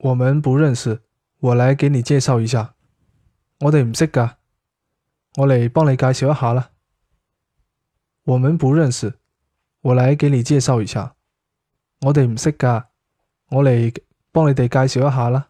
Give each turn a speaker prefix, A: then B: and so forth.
A: 我們不認識，我來給你介紹一下。我哋唔識噶，我嚟幫你介紹一下啦。我們不認識，我來給你介紹一下。我哋唔識噶，我嚟
B: 幫你哋介紹一下啦。